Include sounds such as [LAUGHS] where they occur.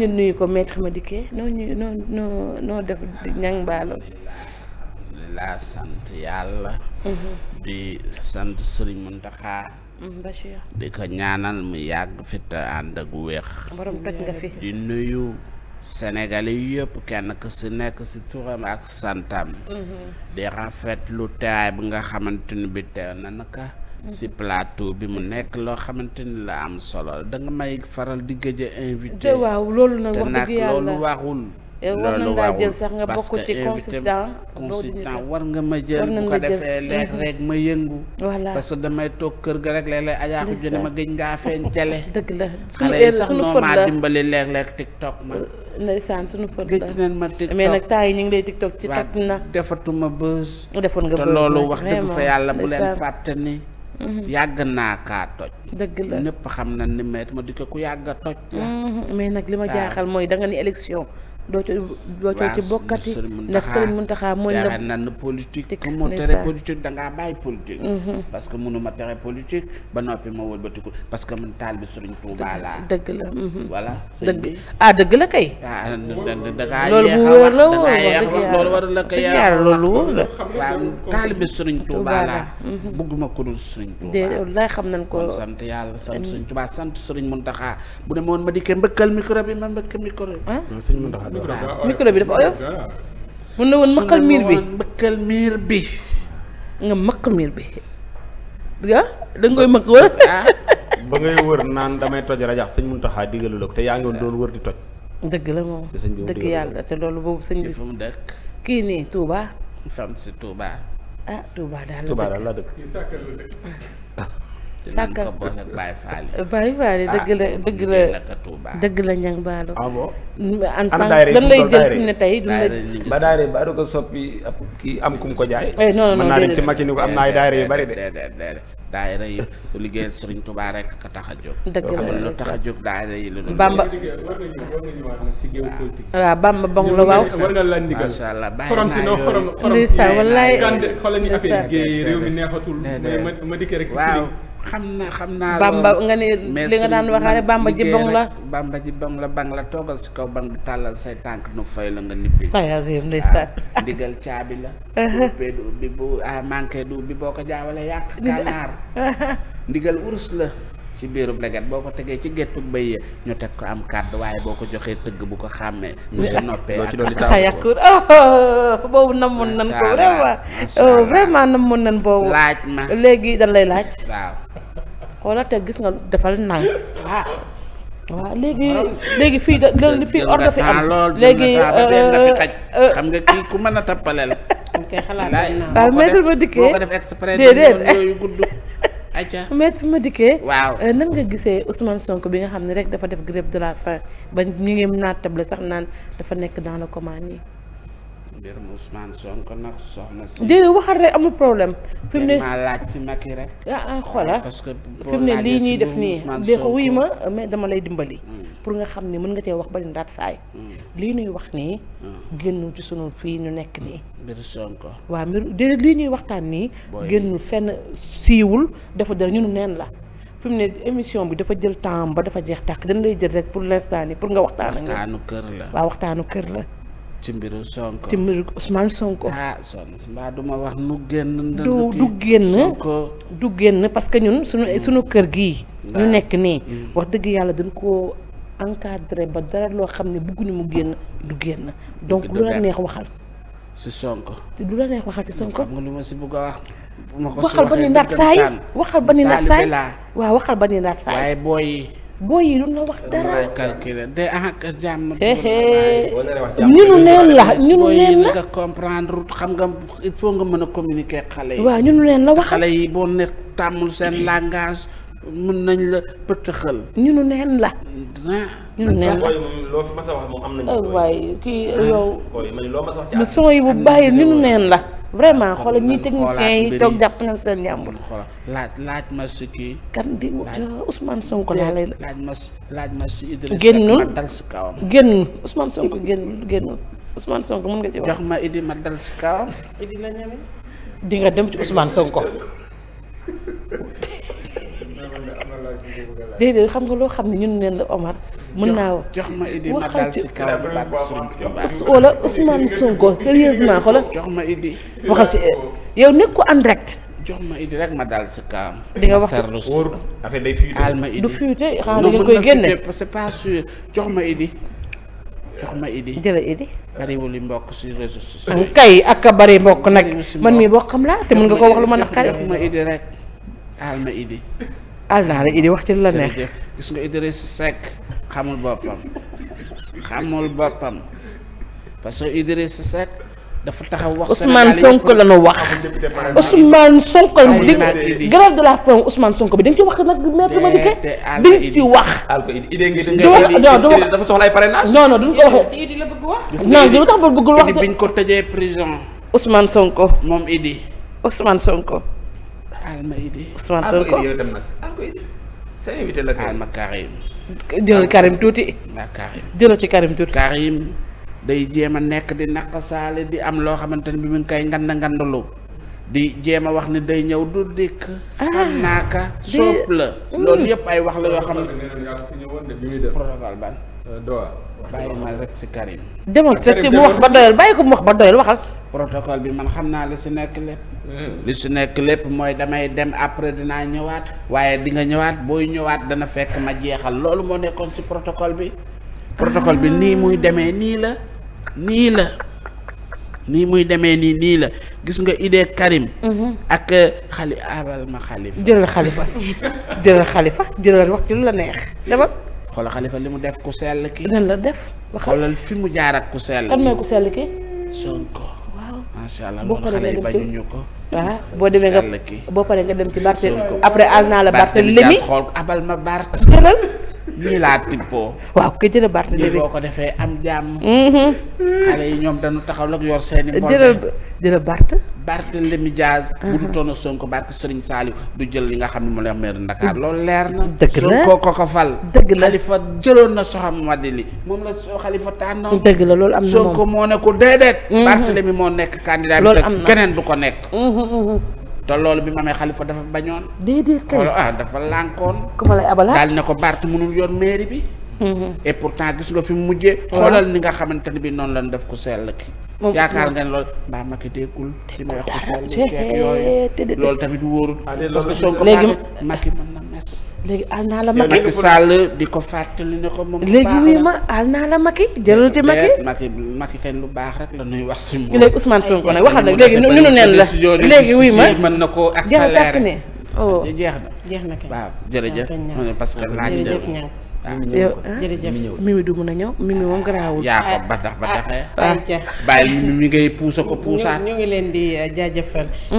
ñu nuyu ko maître Madické noo ñu noo noo noo def ñang mhm. mhm, mu yàgg fi te ànd ak wéex borom nuyu Sénégalais yu yëpp kenn ku ci nekk si turam ak santam mhm. di rafet lu taay bi nga xamante ni bi teew na naka si plateau bi mu nekk loo xamante ni la am solo da nga may faral di gëj a invité. waaw loolu nag wax dëgg yàlla eh, loolu waxul. war nañ laa jël sax ci consultant consultant war nga ma jël bu ko defee leeg mhm. rek ma yëngu voilà parce que damay toog kër ga rek léeg-léeg ajaaxu jëne ma gëj ngaa feeñ tele [LAUGHS] dëgg la xale yi sax noo maa dimbali leeg-leeg tiktok ma ndeysaan suñu fët la gëj nañ ma tiktok mais nag temps yi ñu ngi lay tiktok ci tag na defatuma buzz defoon nga buzz te loolu wax dëgg fa yàlla bu leen fàtte ni Mm-hmm. yàgg naa kaa toj. dëgg la ñëpp xam na ni maître ma di ko ku yàgg a toj. Mm-hmm. mais nag li ma ah. jaaxal mooy da nga ni doo ci doo ci bokkati ndax Serigne Mountakha mooy la nan politique ku mu tere politique dangaa bàyyi politique mhm. parce que mënuma tere politique ba noppi ma wëlbatiku parce que man taal bi Serigne Touba laa dëgg la mhm. voilà dëgg ah la kay ah, dangaa loolu bu bi Serigne Touba laa mhm. bugguma ko dul Serigne Touba déedéet xam nañ ko sant yàlla sant Serigne Touba sant Serigne Mountakha bu ne moon ma dikkee mbëkkal micro bi ma micro bi dafa oyof mun na woon mëqal miir bi mëqal miir bi nga mëq miir bi ah koy mëq war ba ngay wër naan damay toj rajax sëñ Muntaxa digalu la ko te yaa ngi woon doon wër di toj dëgg la moom dëgg yàlla te loolu boobu sëñ mu dëkk kii nii Touba fam si ah, daal la dëkk sàkkal ko bon ak Baye [LAUGHS] ah, dëgg la dëgg la dëgg la ñang baalo. ah bon mm, en tant que dañ lay jël kii am kum ko eh, jaay. Eh, non non mën naa dem ci makki ni ko am na ay su liggéeyal Serigne rek ka tax a jóg. dëgg la amul lu tax a jóg daayira yi la. waaw Bamba bong la waaw. macha allah bàyyi naa yooyu ndeysaan wallaay. xoolal ñu affaire géey réew mi neexatul. waaw. xam naa xam naa ba nga ne li nga daan waxaale bamba ji bong la bamba ji bong la bang la toogal si kaw ban bi tàllal say tànk nu fay la nga nippi ayasir ndeysaan ah, ndigal caabi la ubbee [LAUGHS] du ubbi bu ah, manqué du ubbi boo ko jaawale yàq kanaar [LAUGHS] ndigal urus la ci biiru leget boo ko tegee ci gettu béy ñu teg ko am kàddu waaye boo ko joxee tëgg bu ko xàmmee bu sa noppee ak sa yàqur boobu namoon nan ko vraiment oh, vraiment namoon nan boobu laaj ma léegi dañ lay laaj waaw xoolal te gis nga defal nànk waaw léegi léegi fii da fii ordre fi am léegi euh, euh, euh, xam nga kii ku mën a tappale la waaw maître ma dikkee déedéet [LAUGHS] ayca maître ma dikkee waaw nan nga gisee Ousmane Sonko bi nga xam ne rek dafa def grève de la faim ba ñu ngi naat table sax naan dafa nekk dans le coma nii mbirum Ousmane Sonko nag soxna si. déedéet waxal rek amul problème. fi mu ne maa rek. ah parce que fi lii ñuy def nii dee ko wuy ma mais dama lay dimbali. Mm. pour nga xam ne mën nga tee wax bari ndaat saay. Mm. lii ñuy wax nii. Mm. génnu ci sunu fii ñu nekk nii. mbiru Sonko. waaw mbiru déedéet lii ñuy waxtaan nii. génnu fenn siiwul dafa dara ñunu neen la. fi mu ne émission bi dafa jël temps ba dafa jeex tàkk dañ lay jël rek pour l'instant nii pour nga waxtaan ak. waxtaanu kër la waaw waxtaanu kër la. ci mbiru Sonko ci mbiru Ousmane Sonko. ah soxna du ma wax mu génn. du du génn du génn parce que ñun suñu mm. suñu kër gii. ñu nekk nii. Mm. wax dëgg yàlla dañ ko encadré ba dara loo xam ne bëgguñu mu génn du génn. donc lu la neex waxal. si Sonko. lu la neex waxal si Sonko. a wax. bu ma ko waxal ba ni naat saay waxal ba ni naat saay waaw waxal ba ni naat saay waaye booy yi duñ la wax dara. day ah, ak jàmm. ñunu leen la ñunu leen la nga comprendre xam nga il faut nga mën a communiquer xale yi. waaw ñunu leen la wax xale yi boo nekk tàmmul seen langage mun nañ la pëtëxal. ñunu neen la. Ah. ñunu neen la loo oh, bu bàyyi ñunu neen la. vraiment xoolal ñi techniciens yi toog jàpp nañ seen njàmbur. laaj laaj ma si kii. kan di ah, Ousmane Sonko laa lay. laaj ma laaj ma si Idrissa génnul dal génnul Ousmane Sonko génnul génnul Ousmane Sonko mën nga ci ma Idi ma dal si kawam. Idi di nga dem ci Ousmane Sonko. [LAUGHS] déedéet xam nga loo xam ne ñun neen la Omar. mun naa wax jox ma Idi ma daal sérieusement xoolal waxal ci eh, yow nekk ko en jox ma Idi rek ma daal ci kawam di nga wax wóor affaire day fuité al ma du fuité xanaa da nga koy génne ma Idi jox ma Idi jëla Idi bariwul li mbokk ci réseaux sociaux kay ak a bari mbokk nag man mii boo laa te mën nga ko wax lu ma naqari jox ma Idi rek wax ci lu la neex xamul boppam xamul boppam parce que Idrissa Seck dafa taxaw wax Ousmane Sonko la ñu wax Ousmane Sonko di grève de la faim Ousmane Sonko bi dañ ci wax nag maître Madické dañ ci wax dafa soxla ay parrainage non non duñ ko wax non du tax ba bëggul wax ko tëjee prison Ousmane Sonko moom Idi Ousmane Sonko alma Idi Ousmane Sonko alma Karim jëlal Karim tuuti. jëlal ci Karim tuuti. Karim day jéem a nekk di naqasaale di am loo xamante ni bi mu ngi koy ngand ngandalu di jéem a wax ni day ñëw du dikk. Ah, naa ka soob la. Mm. loolu yépp ay wax la yoo xam ne. protocole ban. Euh, bàyyi ma rek si Karim. demal rek ci mu wax ba doyal bàyyi ko mu wax ba doyal waxal. protocole bi man xam naa li si nekk lépp. Eh. li si nekk lépp mooy damay dem après dinaa ñëwaat waaye di nga ñëwaat booy ñëwaat dana fekk ma jeexal loolu moo nekkoon si protocole bi. protocole bi nii muy demee nii la nii la nii muy demee nii nii la gis nga idée Karim. Mhm. ak xali abal ma xalifa. jëlal xalifa jëlal xalifa jëlal wax ci lu la neex dama. xoolal xalifa li mu def ku sell ki lan la def. xoolal fi mu jaar ak ku sell. kan mooy ku sell ki macha allah loolu xale yi bañuñu ko. ah boo demee nga boo paree nga dem ci Barthé après al naa la Barthé lemi xool abal ma Barthé jëlal nii laa tibboo waaw ko jëlal Barthé lemi boo ko defee am jàmm mm-hmm. xale yi ñoom danu taxaw lak yor seeni jëlal jëlal Barthé Barthélemy Diaz. bu du toon a Sonko barke Serigne Saliou du jël li nga xam ne mu la maire Dakar mm. loolu leer na. dëgg la ko ko fal. dëgg la Khalifa jëloon na Soham Wardini moom la Khalifa tànnoon. dëgg la loolu am na moom Sonko moo ne ko déedéet. Mm-hmm. Barthélemy moo nekk candidat bi te keneen du ko nekk. Mm-hmm, mm-hmm. te loolu bi ma amee xalifa dafa bañoon. déedéet kay ah dafa lànkoon. ku ma lay abalaat daal ne ko Bart mënul yor mairie bi. et pourtant gis fi mu mujjee. xoolal ni nga xamante ne bi noonu la def ko sell ki yaakaar ngeen lool mbaa Macky déggul li may wax yooyu loolu tamit wóoru parce que Sonko Macky mën na léegi àll naa la Macky Macky di ko fàttali ne ko moom léegi wuy ma àll naa la Macky jëlal ci Macky Macky Macky kenn lu baax rek la nuy wax si moom léegi Ousmane Sonko nag waxal nag léegi nu ne neen la léegi wuy ma mën na ko accélérer oh. jeex na jeex na waaw jërëjëf parce que laaj Ah, yow ah? jërëjëf mi du mun a ñëw mimi moom garaawul. yaa ko batax bataxee. Ah, bàyyil mi mi ngay puusa ko puusa. ngi leen di eh, jaajëfal.